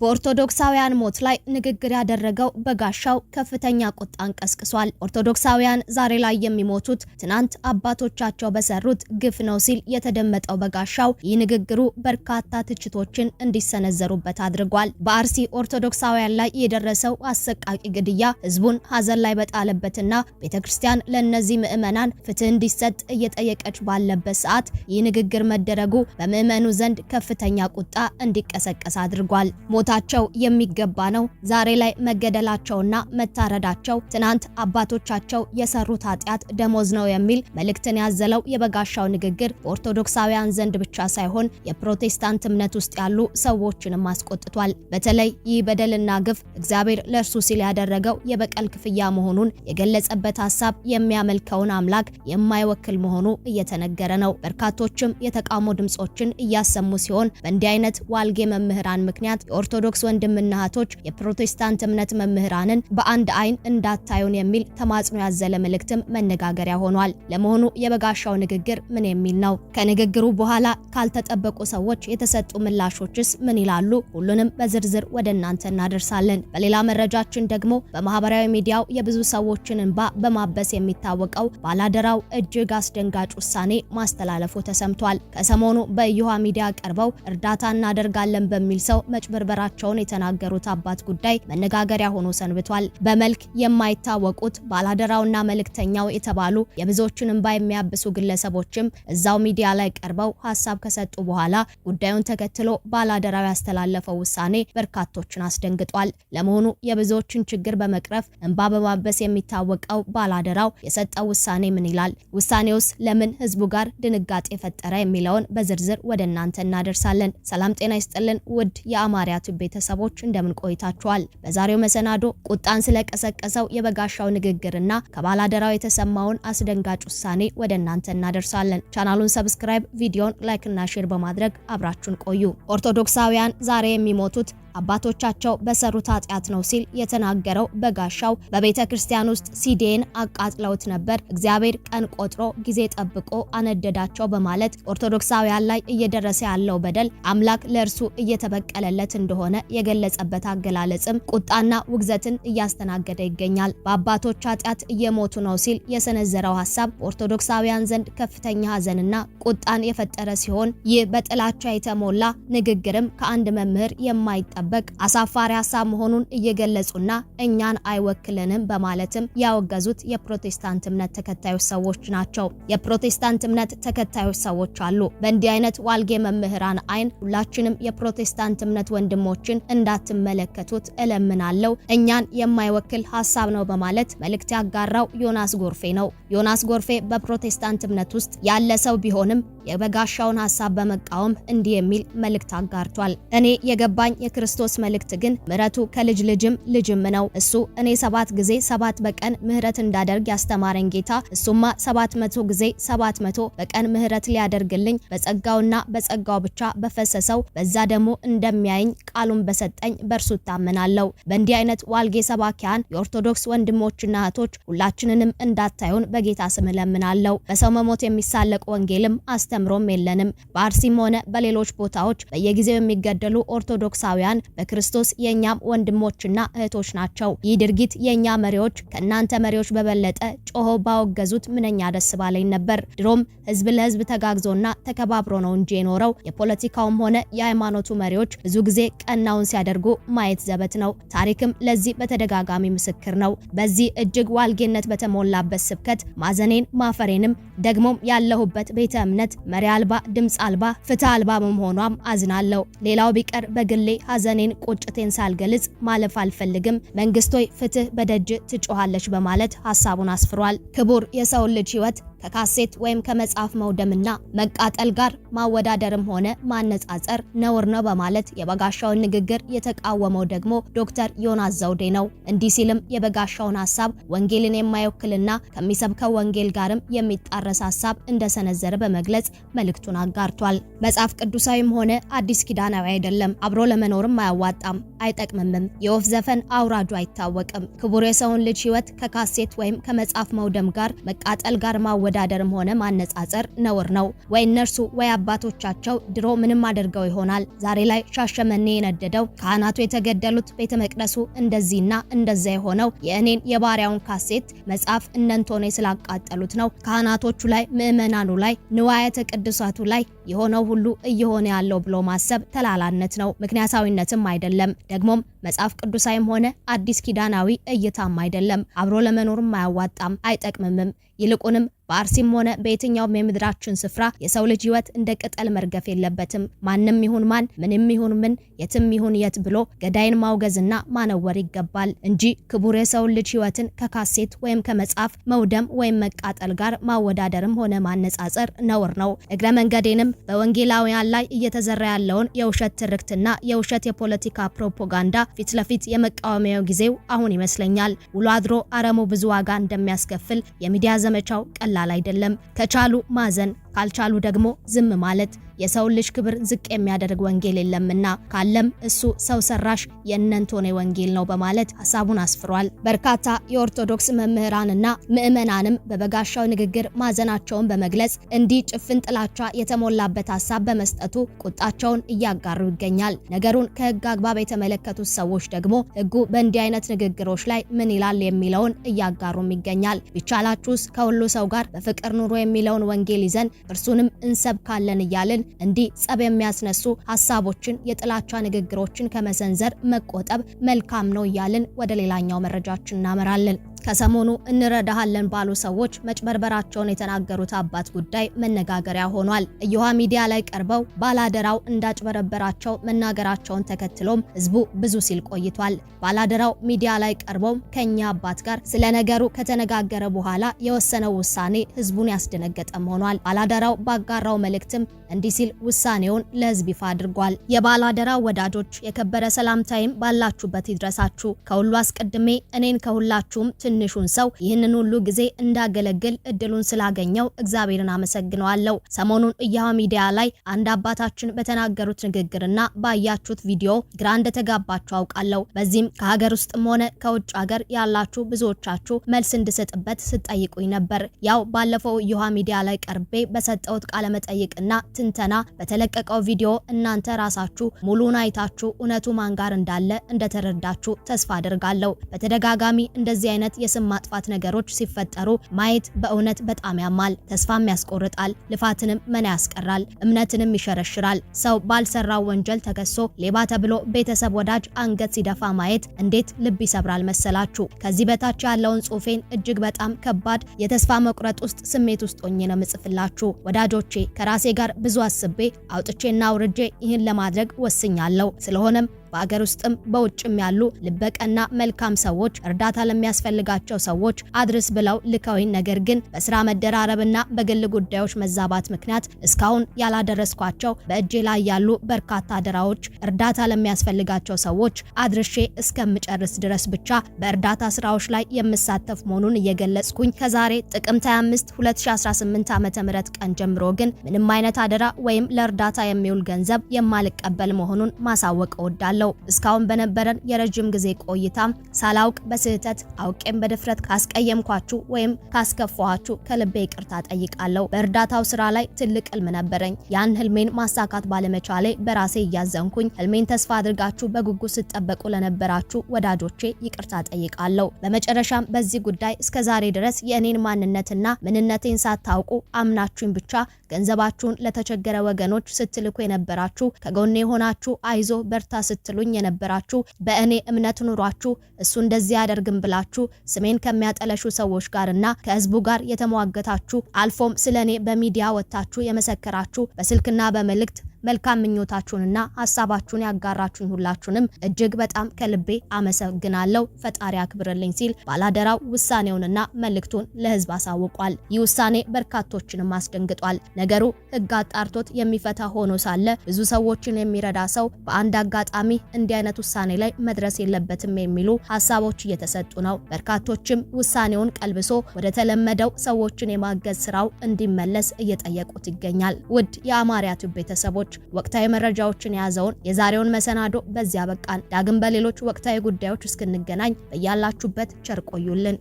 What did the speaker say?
በኦርቶዶክሳውያን ሞት ላይ ንግግር ያደረገው በጋሻው ከፍተኛ ቁጣን ቀስቅሷል። ኦርቶዶክሳውያን ዛሬ ላይ የሚሞቱት ትናንት አባቶቻቸው በሰሩት ግፍ ነው ሲል የተደመጠው በጋሻው ይህ ንግግሩ በርካታ ትችቶችን እንዲሰነዘሩበት አድርጓል። በአርሲ ኦርቶዶክሳውያን ላይ የደረሰው አሰቃቂ ግድያ ህዝቡን ሀዘን ላይ በጣለበትና ቤተ ክርስቲያን ለእነዚህ ምዕመናን ፍትህ እንዲሰጥ እየጠየቀች ባለበት ሰዓት ይህ ንግግር መደረጉ በምዕመኑ ዘንድ ከፍተኛ ቁጣ እንዲቀሰቀስ አድርጓል። ሊሞታቸው የሚገባ ነው። ዛሬ ላይ መገደላቸውና መታረዳቸው ትናንት አባቶቻቸው የሰሩት ኃጢአት ደሞዝ ነው የሚል መልእክትን ያዘለው የበጋሻው ንግግር በኦርቶዶክሳውያን ዘንድ ብቻ ሳይሆን የፕሮቴስታንት እምነት ውስጥ ያሉ ሰዎችንም አስቆጥቷል። በተለይ ይህ በደልና ግፍ እግዚአብሔር ለእርሱ ሲል ያደረገው የበቀል ክፍያ መሆኑን የገለጸበት ሀሳብ የሚያመልከውን አምላክ የማይወክል መሆኑ እየተነገረ ነው። በርካቶችም የተቃውሞ ድምጾችን እያሰሙ ሲሆን በእንዲህ አይነት ዋልጌ መምህራን ምክንያት የኦርቶ ኦርቶዶክስ ወንድምና እህቶች የፕሮቴስታንት እምነት መምህራንን በአንድ አይን እንዳታዩን የሚል ተማጽኖ ያዘለ መልእክትም መነጋገሪያ ሆኗል። ለመሆኑ የበጋሻው ንግግር ምን የሚል ነው? ከንግግሩ በኋላ ካልተጠበቁ ሰዎች የተሰጡ ምላሾችስ ምን ይላሉ? ሁሉንም በዝርዝር ወደ እናንተ እናደርሳለን። በሌላ መረጃችን ደግሞ በማህበራዊ ሚዲያው የብዙ ሰዎችን እንባ በማበስ የሚታወቀው ባላደራው እጅግ አስደንጋጭ ውሳኔ ማስተላለፉ ተሰምቷል። ከሰሞኑ በእዮሃ ሚዲያ ቀርበው እርዳታ እናደርጋለን በሚል ሰው መጭበርበራ መሆናቸውን የተናገሩት አባት ጉዳይ መነጋገሪያ ሆኖ ሰንብቷል። በመልክ የማይታወቁት ባላደራውና መልእክተኛው የተባሉ የብዙዎችን እንባ የሚያብሱ ግለሰቦችም እዛው ሚዲያ ላይ ቀርበው ሀሳብ ከሰጡ በኋላ ጉዳዩን ተከትሎ ባላደራው ያስተላለፈው ውሳኔ በርካቶችን አስደንግጧል። ለመሆኑ የብዙዎችን ችግር በመቅረፍ እንባ በማበስ የሚታወቀው ባላደራው የሰጠው ውሳኔ ምን ይላል? ውሳኔውስ ለምን ህዝቡ ጋር ድንጋጤ ፈጠረ የሚለውን በዝርዝር ወደ እናንተ እናደርሳለን። ሰላም ጤና ይስጥልን ውድ የአማርያ ቱ ቤተሰቦች እንደምን ቆይታችኋል? በዛሬው መሰናዶ ቁጣን ስለቀሰቀሰው የበጋሻው ንግግርና ከባላደራው የተሰማውን አስደንጋጭ ውሳኔ ወደ እናንተ እናደርሳለን። ቻናሉን ሰብስክራይብ፣ ቪዲዮን ላይክና ሼር በማድረግ አብራችሁን ቆዩ። ኦርቶዶክሳውያን ዛሬ የሚሞቱት አባቶቻቸው በሰሩት ኃጢአት ነው ሲል የተናገረው በጋሻው በቤተ ክርስቲያን ውስጥ ሲዴን አቃጥለውት ነበር፣ እግዚአብሔር ቀን ቆጥሮ ጊዜ ጠብቆ አነደዳቸው በማለት ኦርቶዶክሳውያን ላይ እየደረሰ ያለው በደል አምላክ ለእርሱ እየተበቀለለት እንደሆነ የገለጸበት አገላለጽም ቁጣና ውግዘትን እያስተናገደ ይገኛል። በአባቶች ኃጢአት እየሞቱ ነው ሲል የሰነዘረው ሀሳብ ኦርቶዶክሳውያን ዘንድ ከፍተኛ ሀዘንና ቁጣን የፈጠረ ሲሆን ይህ በጥላቻ የተሞላ ንግግርም ከአንድ መምህር የማይጠ ማጣበቅ አሳፋሪ ሀሳብ መሆኑን እየገለጹና እኛን አይወክልንም በማለትም ያወገዙት የፕሮቴስታንት እምነት ተከታዮች ሰዎች ናቸው። የፕሮቴስታንት እምነት ተከታዮች ሰዎች አሉ። በእንዲህ አይነት ዋልጌ መምህራን አይን ሁላችንም የፕሮቴስታንት እምነት ወንድሞችን እንዳትመለከቱት እለምናለው። እኛን የማይወክል ሀሳብ ነው በማለት መልእክት ያጋራው ዮናስ ጎርፌ ነው። ዮናስ ጎርፌ በፕሮቴስታንት እምነት ውስጥ ያለ ሰው ቢሆንም የበጋሻውን ሀሳብ በመቃወም እንዲህ የሚል መልእክት አጋርቷል። እኔ የገባኝ የክርስ የክርስቶስ መልእክት ግን ምሕረቱ ከልጅ ልጅም ልጅም ነው። እሱ እኔ ሰባት ጊዜ ሰባት በቀን ምሕረት እንዳደርግ ያስተማረኝ ጌታ እሱማ ሰባት መቶ ጊዜ ሰባት መቶ በቀን ምሕረት ሊያደርግልኝ በጸጋውና በጸጋው ብቻ በፈሰሰው በዛ ደግሞ እንደሚያይኝ ቃሉን በሰጠኝ በእርሱ ታምናለሁ። በእንዲህ አይነት ዋልጌ ሰባኪያን የኦርቶዶክስ ወንድሞችና እህቶች ሁላችንንም እንዳታዩን በጌታ ስም እለምናለሁ። በሰው መሞት የሚሳለቅ ወንጌልም አስተምሮም የለንም። በአርሲም ሆነ በሌሎች ቦታዎች በየጊዜው የሚገደሉ ኦርቶዶክሳውያን በክርስቶስ የእኛም ወንድሞችና እህቶች ናቸው። ይህ ድርጊት የእኛ መሪዎች ከእናንተ መሪዎች በበለጠ ጮሆ ባወገዙት ምንኛ ደስ ባለኝ ነበር። ድሮም ህዝብ ለህዝብ ተጋግዞና ተከባብሮ ነው እንጂ የኖረው። የፖለቲካውም ሆነ የሃይማኖቱ መሪዎች ብዙ ጊዜ ቀናውን ሲያደርጉ ማየት ዘበት ነው። ታሪክም ለዚህ በተደጋጋሚ ምስክር ነው። በዚህ እጅግ ዋልጌነት በተሞላበት ስብከት ማዘኔን ማፈሬንም ደግሞም ያለሁበት ቤተ እምነት መሪ አልባ ድምፅ አልባ ፍትህ አልባ በመሆኗም አዝናለሁ። ሌላው ቢቀር በግሌ ሀዘን ሐዘኔን ቁጭቴን ሳልገልጽ ማለፍ አልፈልግም። መንግስቶይ ፍትህ በደጅ ትጮሃለች በማለት ሀሳቡን አስፍሯል። ክቡር የሰውን ልጅ ህይወት ከካሴት ወይም ከመጽሐፍ መውደምና መቃጠል ጋር ማወዳደርም ሆነ ማነጻጸር ነውር ነው በማለት የበጋሻውን ንግግር የተቃወመው ደግሞ ዶክተር ዮናስ ዘውዴ ነው። እንዲህ ሲልም የበጋሻውን ሀሳብ ወንጌልን የማይወክልና ከሚሰብከው ወንጌል ጋርም የሚጣረስ ሀሳብ እንደሰነዘረ በመግለጽ መልእክቱን አጋርቷል። መጽሐፍ ቅዱሳዊም ሆነ አዲስ ኪዳናዊ አይደለም። አብሮ ለመኖርም አያዋጣም፣ አይጠቅምምም። የወፍ ዘፈን አውራጁ አይታወቅም። ክቡር የሰውን ልጅ ህይወት ከካሴት ወይም ከመጽሐፍ መውደም ጋር መቃጠል ጋር ማወ ማወዳደርም ሆነ ማነጻጸር ነውር ነው። ወይ እነርሱ ወይ አባቶቻቸው ድሮ ምንም አድርገው ይሆናል። ዛሬ ላይ ሻሸመኔ የነደደው ካህናቱ የተገደሉት ቤተ መቅደሱ እንደዚህና እንደዛ የሆነው የእኔን የባሪያውን ካሴት መጽሐፍ እነንቶኔ ስላቃጠሉት ነው። ካህናቶቹ ላይ፣ ምእመናኑ ላይ፣ ንዋያተ ቅዱሳቱ ላይ የሆነው ሁሉ እየሆነ ያለው ብሎ ማሰብ ተላላነት ነው፣ ምክንያታዊነትም አይደለም። ደግሞም መጽሐፍ ቅዱሳዊም ሆነ አዲስ ኪዳናዊ እይታም አይደለም። አብሮ ለመኖርም አያዋጣም፣ አይጠቅምምም። ይልቁንም በአርሲም ሆነ በየትኛውም የምድራችን ስፍራ የሰው ልጅ ህይወት እንደ ቅጠል መርገፍ የለበትም። ማንም ይሁን ማን፣ ምንም ይሁን ምን፣ የትም ይሁን የት ብሎ ገዳይን ማውገዝና ማነወር ይገባል እንጂ ክቡር የሰውን ልጅ ህይወትን ከካሴት ወይም ከመጽሐፍ መውደም ወይም መቃጠል ጋር ማወዳደርም ሆነ ማነጻጸር ነውር ነው። እግረ መንገዴንም በወንጌላውያን ላይ እየተዘራ ያለውን የውሸት ትርክትና የውሸት የፖለቲካ ፕሮፓጋንዳ ፊት ለፊት የመቃወሚያው ጊዜው አሁን ይመስለኛል። ውሎ አድሮ አረሙ ብዙ ዋጋ እንደሚያስከፍል የሚዲያ ዘመቻው ቀላል አይደለም። ከቻሉ ማዘን ካልቻሉ ደግሞ ዝም ማለት የሰውን ልጅ ክብር ዝቅ የሚያደርግ ወንጌል የለምና ካለም እሱ ሰው ሰራሽ የእነንቶኔ ወንጌል ነው በማለት ሀሳቡን አስፍሯል። በርካታ የኦርቶዶክስ መምህራንና ምዕመናንም በበጋሻው ንግግር ማዘናቸውን በመግለጽ እንዲህ ጭፍን ጥላቻ የተሞላበት ሀሳብ በመስጠቱ ቁጣቸውን እያጋሩ ይገኛል። ነገሩን ከህግ አግባብ የተመለከቱት ሰዎች ደግሞ ህጉ በእንዲህ አይነት ንግግሮች ላይ ምን ይላል የሚለውን እያጋሩም ይገኛል። ቢቻላችሁስ ከሁሉ ሰው ጋር በፍቅር ኑሮ የሚለውን ወንጌል ይዘን እርሱንም እንሰብካለን እያልን እንዲህ ጸብ የሚያስነሱ ሀሳቦችን፣ የጥላቻ ንግግሮችን ከመሰንዘር መቆጠብ መልካም ነው እያልን ወደ ሌላኛው መረጃችን እናመራለን። ከሰሞኑ እንረዳሃለን ባሉ ሰዎች መጭበርበራቸውን የተናገሩት አባት ጉዳይ መነጋገሪያ ሆኗል። እየዋ ሚዲያ ላይ ቀርበው ባላደራው እንዳጭበረበራቸው መናገራቸውን ተከትሎም ህዝቡ ብዙ ሲል ቆይቷል። ባላደራው ሚዲያ ላይ ቀርበው ከእኛ አባት ጋር ስለ ነገሩ ከተነጋገረ በኋላ የወሰነው ውሳኔ ህዝቡን ያስደነገጠም ሆኗል። ባላደራው ባጋራው መልእክትም እንዲህ ሲል ውሳኔውን ለህዝብ ይፋ አድርጓል። የባላደራ ወዳጆች የከበረ ሰላምታይም ባላችሁበት ይድረሳችሁ። ከሁሉ አስቀድሜ እኔን ከሁላችሁም ትን ትንሹን ሰው ይህንን ሁሉ ጊዜ እንዳገለግል እድሉን ስላገኘው እግዚአብሔርን አመሰግነዋለሁ። ሰሞኑን ኢያሃ ሚዲያ ላይ አንድ አባታችን በተናገሩት ንግግርና ባያችሁት ቪዲዮ ግራ እንደተጋባችሁ አውቃለሁ። በዚህም ከሀገር ውስጥም ሆነ ከውጭ ሀገር ያላችሁ ብዙዎቻችሁ መልስ እንድሰጥበት ስጠይቁኝ ነበር። ያው ባለፈው ኢያሃ ሚዲያ ላይ ቀርቤ በሰጠሁት ቃለ መጠይቅና ትንተና በተለቀቀው ቪዲዮ እናንተ ራሳችሁ ሙሉን አይታችሁ እውነቱ ማን ጋር እንዳለ እንደተረዳችሁ ተስፋ አድርጋለሁ። በተደጋጋሚ እንደዚህ አይነት የስም ማጥፋት ነገሮች ሲፈጠሩ ማየት በእውነት በጣም ያማል፣ ተስፋም ያስቆርጣል፣ ልፋትንም መና ያስቀራል፣ እምነትንም ይሸረሽራል። ሰው ባልሰራው ወንጀል ተከሶ ሌባ ተብሎ ቤተሰብ ወዳጅ አንገት ሲደፋ ማየት እንዴት ልብ ይሰብራል መሰላችሁ። ከዚህ በታች ያለውን ጽሁፌን እጅግ በጣም ከባድ የተስፋ መቁረጥ ውስጥ ስሜት ውስጥ ሆኜ ነው ምጽፍላችሁ ወዳጆቼ። ከራሴ ጋር ብዙ አስቤ አውጥቼና አውርጄ ይህን ለማድረግ ወስኛለሁ። ስለሆነም በአገር ውስጥም በውጭም ያሉ ልበቀና መልካም ሰዎች እርዳታ ለሚያስፈልጋቸው ሰዎች አድርስ ብለው ልከውኝ፣ ነገር ግን በስራ መደራረብና በግል ጉዳዮች መዛባት ምክንያት እስካሁን ያላደረስኳቸው በእጄ ላይ ያሉ በርካታ አደራዎች እርዳታ ለሚያስፈልጋቸው ሰዎች አድርሼ እስከምጨርስ ድረስ ብቻ በእርዳታ ስራዎች ላይ የምሳተፍ መሆኑን እየገለጽኩኝ ከዛሬ ጥቅምት 25 2018 ዓ.ም ቀን ጀምሮ ግን ምንም አይነት አደራ ወይም ለእርዳታ የሚውል ገንዘብ የማልቀበል መሆኑን ማሳወቅ እወዳለሁ። አለው። እስካሁን በነበረን የረጅም ጊዜ ቆይታ ሳላውቅ በስህተት አውቄም በድፍረት ካስቀየምኳችሁ ወይም ካስከፋኋችሁ ከልቤ ይቅርታ ጠይቃለሁ። በእርዳታው ስራ ላይ ትልቅ ህልም ነበረኝ። ያን ህልሜን ማሳካት ባለመቻሌ በራሴ እያዘንኩኝ ህልሜን ተስፋ አድርጋችሁ በጉጉት ስትጠበቁ ለነበራችሁ ወዳጆቼ ይቅርታ ጠይቃለሁ። በመጨረሻም በዚህ ጉዳይ እስከ ዛሬ ድረስ የእኔን ማንነትና ምንነቴን ሳታውቁ አምናችሁኝ ብቻ ገንዘባችሁን ለተቸገረ ወገኖች ስትልኩ የነበራችሁ ከጎኔ የሆናችሁ አይዞ በርታ ስት ስትሉኝ የነበራችሁ በእኔ እምነት ኑሯችሁ እሱ እንደዚህ ያደርግም ብላችሁ ስሜን ከሚያጠለሹ ሰዎች ጋርና ከህዝቡ ጋር የተሟገታችሁ አልፎም ስለ እኔ በሚዲያ ወጥታችሁ የመሰከራችሁ በስልክና በመልእክት መልካም ምኞታችሁንና ሀሳባችሁን ያጋራችሁኝ ሁላችሁንም እጅግ በጣም ከልቤ አመሰግናለሁ። ፈጣሪ አክብርልኝ ሲል ባላደራው ውሳኔውንና መልእክቱን ለህዝብ አሳውቋል። ይህ ውሳኔ በርካቶችንም አስደንግጧል። ነገሩ ህግ አጣርቶት የሚፈታ ሆኖ ሳለ ብዙ ሰዎችን የሚረዳ ሰው በአንድ አጋጣሚ እንዲህ አይነት ውሳኔ ላይ መድረስ የለበትም የሚሉ ሀሳቦች እየተሰጡ ነው። በርካቶችም ውሳኔውን ቀልብሶ ወደ ተለመደው ሰዎችን የማገዝ ስራው እንዲመለስ እየጠየቁት ይገኛል። ውድ የአማርያ ቲዩብ ቤተሰቦች ወቅታዊ መረጃዎችን የያዘውን የዛሬውን መሰናዶ በዚያ በቃን። ዳግም በሌሎች ወቅታዊ ጉዳዮች እስክንገናኝ በያላችሁበት ቸር ቆዩልን።